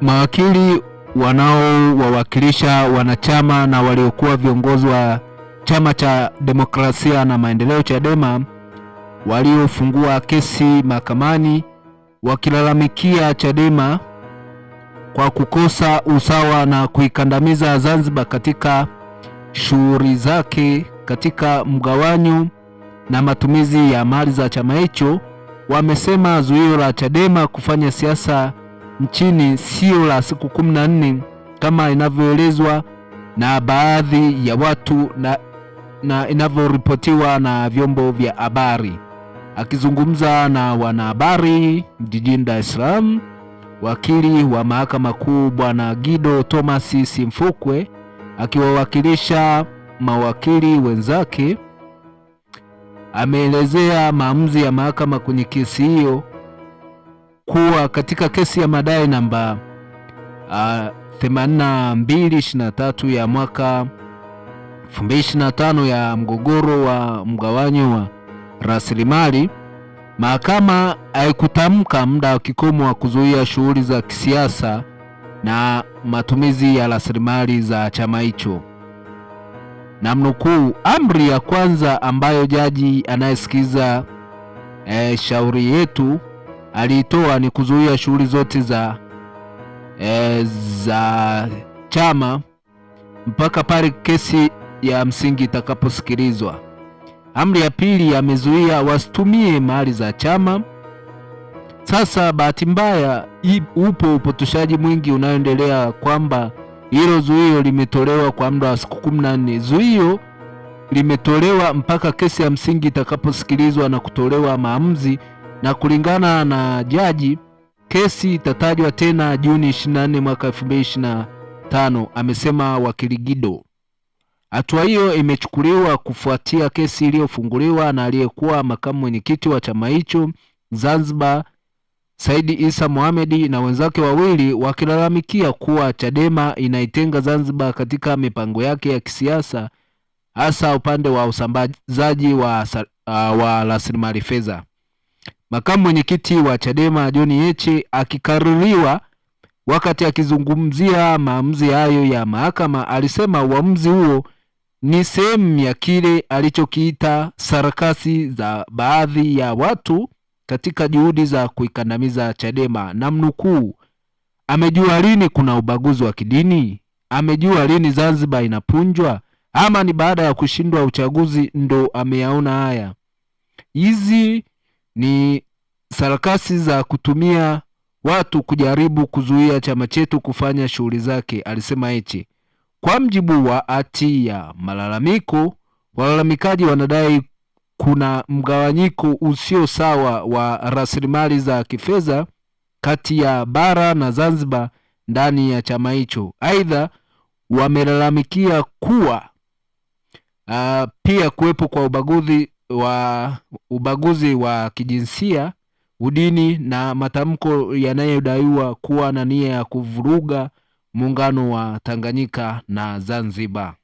mawakili wanaowawakilisha wanachama na waliokuwa viongozi wa Chama cha Demokrasia na Maendeleo Chadema waliofungua kesi mahakamani wakilalamikia Chadema kwa kukosa usawa na kuikandamiza Zanzibar katika shughuli zake katika mgawanyo na matumizi ya mali za chama hicho. Wamesema zuio la Chadema kufanya siasa nchini sio la siku kumi na nne kama inavyoelezwa na baadhi ya watu na, na inavyoripotiwa na vyombo vya habari. Akizungumza na wanahabari jijini Dar es Salaam, wakili wa mahakama kuu Bwana Gido Thomas Simfukwe akiwawakilisha mawakili wenzake ameelezea maamuzi ya mahakama kwenye kesi hiyo kuwa katika kesi ya madai namba uh, ah, 8223 ya mwaka 2025 ya mgogoro wa mgawanyo wa rasilimali, mahakama haikutamka muda wa kikomo wa kuzuia shughuli za kisiasa na matumizi ya rasilimali za chama hicho. Namnukuu, amri ya kwanza ambayo jaji anayesikiza eh, shauri yetu aliitoa ni kuzuia shughuli zote za, e, za chama mpaka pale kesi ya msingi itakaposikilizwa. Amri ya pili amezuia wasitumie mali za chama. Sasa bahati mbaya, upo upotoshaji mwingi unaoendelea kwamba hilo zuio limetolewa kwa muda wa siku kumi na nne. Zuio limetolewa mpaka kesi ya msingi itakaposikilizwa na kutolewa maamuzi na kulingana na jaji, kesi itatajwa tena Juni 24 mwaka 2025, amesema wakili Gido. Hatua hiyo imechukuliwa kufuatia kesi iliyofunguliwa na aliyekuwa makamu mwenyekiti wa chama hicho Zanzibar Saidi Isa Mohamedi na wenzake wawili wakilalamikia kuwa Chadema inaitenga Zanzibar katika mipango yake ya kisiasa hasa upande wa usambazaji wa, uh, wa rasilimali fedha. Makamu mwenyekiti wa Chadema John Heche akikaririwa wakati akizungumzia maamuzi hayo ya mahakama, alisema uamuzi huo ni sehemu ya kile alichokiita sarakasi za baadhi ya watu katika juhudi za kuikandamiza Chadema, na mnukuu, amejua lini kuna ubaguzi wa kidini? Amejua lini Zanzibar inapunjwa? Ama ni baada ya kushindwa uchaguzi ndo ameyaona haya? Hizi ni sarakasi za kutumia watu kujaribu kuzuia chama chetu kufanya shughuli zake, alisema Heche. Kwa mjibu wa hati ya malalamiko, walalamikaji wanadai kuna mgawanyiko usio sawa wa rasilimali za kifedha kati ya bara na Zanzibar ndani ya chama hicho. Aidha, wamelalamikia kuwa uh, pia kuwepo kwa ubaguzi wa ubaguzi wa kijinsia, udini na matamko yanayodaiwa kuwa na nia ya kuvuruga muungano wa Tanganyika na Zanzibar.